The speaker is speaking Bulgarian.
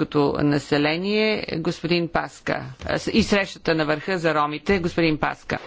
ромското население господин Паска и срещата на върха за ромите господин Паска.